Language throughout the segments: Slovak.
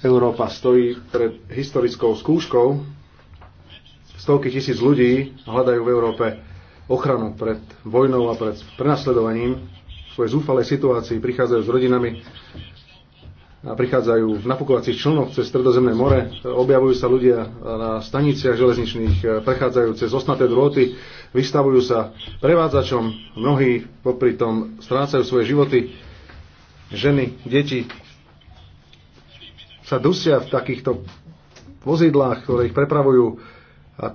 Európa stojí pred historickou skúškou. Stovky tisíc ľudí hľadajú v Európe ochranu pred vojnou a pred prenasledovaním. V svojej zúfalej situácii prichádzajú s rodinami a prichádzajú v napukovacích člnoch cez Stredozemné more. Objavujú sa ľudia na staniciach železničných, prechádzajú cez osnaté drôty, vystavujú sa prevádzačom. Mnohí popri tom strácajú svoje životy. Ženy, deti, sa dusia v takýchto vozidlách, ktoré ich prepravujú a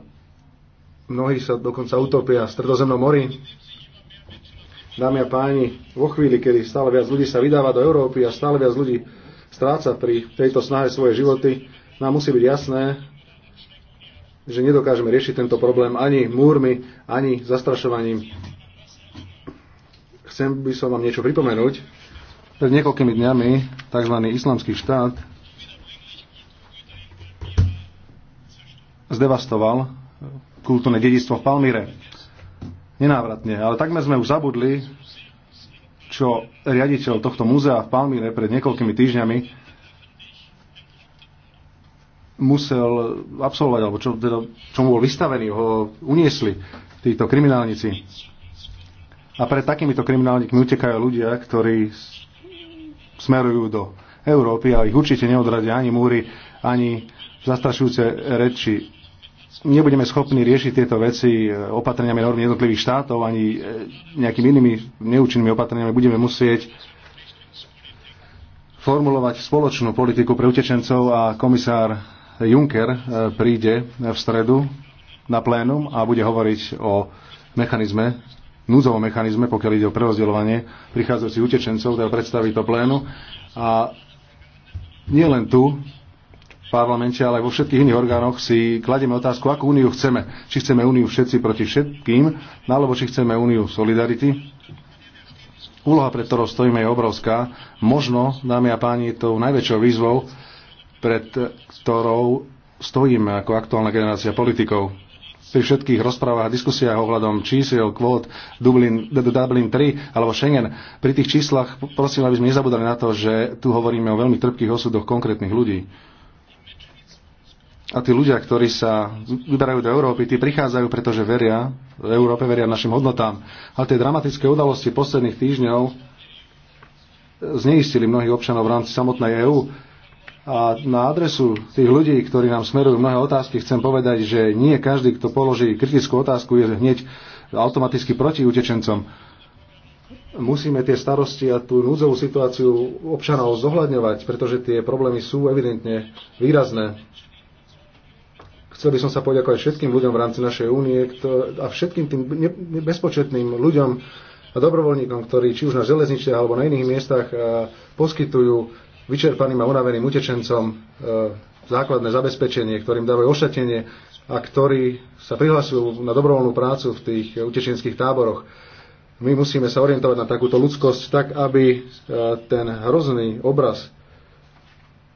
mnohí sa dokonca utopia v Stredozemnom mori. Dámy a páni, vo chvíli, kedy stále viac ľudí sa vydáva do Európy a stále viac ľudí stráca pri tejto snahe svoje životy, nám musí byť jasné, že nedokážeme riešiť tento problém ani múrmi, ani zastrašovaním. Chcem by som vám niečo pripomenúť. Pred niekoľkými dňami tzv. islamský štát zdevastoval kultúrne dedictvo v Palmíre. Nenávratne. Ale takmer sme už zabudli, čo riaditeľ tohto múzea v Palmíre pred niekoľkými týždňami musel absolvovať, alebo čo, teda, mu bol vystavený, ho uniesli títo kriminálnici. A pred takýmito kriminálnikmi utekajú ľudia, ktorí smerujú do Európy a ich určite neodradia ani múry, ani zastrašujúce reči. Nebudeme schopní riešiť tieto veci e, opatreniami normy jednotlivých štátov ani e, nejakými inými neúčinnými opatreniami. Budeme musieť formulovať spoločnú politiku pre utečencov a komisár Juncker e, príde v stredu na plénum a bude hovoriť o mechanizme, núdzovom mechanizme, pokiaľ ide o prerozdeľovanie prichádzajúcich utečencov, teda predstaví to plénu. A nie len tu, v parlamente, ale aj vo všetkých iných orgánoch si kladieme otázku, akú úniu chceme. Či chceme úniu všetci proti všetkým, alebo či chceme úniu solidarity. Úloha, pred ktorou stojíme, je obrovská. Možno, dámy a páni, tou najväčšou výzvou, pred ktorou stojíme ako aktuálna generácia politikov. Pri všetkých rozprávach a diskusiách ohľadom čísiel, kvót, Dublin, Dublin 3 alebo Schengen, pri tých číslach prosím, aby sme nezabudali na to, že tu hovoríme o veľmi trpkých osudoch konkrétnych ľudí a tí ľudia, ktorí sa vyberajú do Európy, tí prichádzajú, pretože veria v Európe, veria našim hodnotám. Ale tie dramatické udalosti posledných týždňov e, zneistili mnohých občanov v rámci samotnej EÚ. A na adresu tých ľudí, ktorí nám smerujú mnohé otázky, chcem povedať, že nie každý, kto položí kritickú otázku, je hneď automaticky proti utečencom. Musíme tie starosti a tú núdzovú situáciu občanov zohľadňovať, pretože tie problémy sú evidentne výrazné Chcel by som sa poďakovať všetkým ľuďom v rámci našej únie a všetkým tým bezpočetným ľuďom a dobrovoľníkom, ktorí či už na železničiach alebo na iných miestach e, poskytujú vyčerpaným a unaveným utečencom e, základné zabezpečenie, ktorým dávajú ošatenie a ktorí sa prihlasujú na dobrovoľnú prácu v tých utečenských táboroch. My musíme sa orientovať na takúto ľudskosť tak, aby e, ten hrozný obraz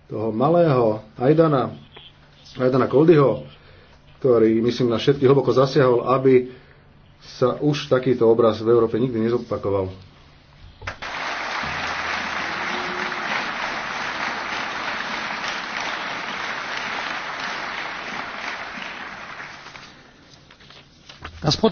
toho malého Ajdana, Jana Koldyho, ktorý myslím na všetky hlboko zasiahol, aby sa už takýto obraz v Európe nikdy nezopakoval. aspoň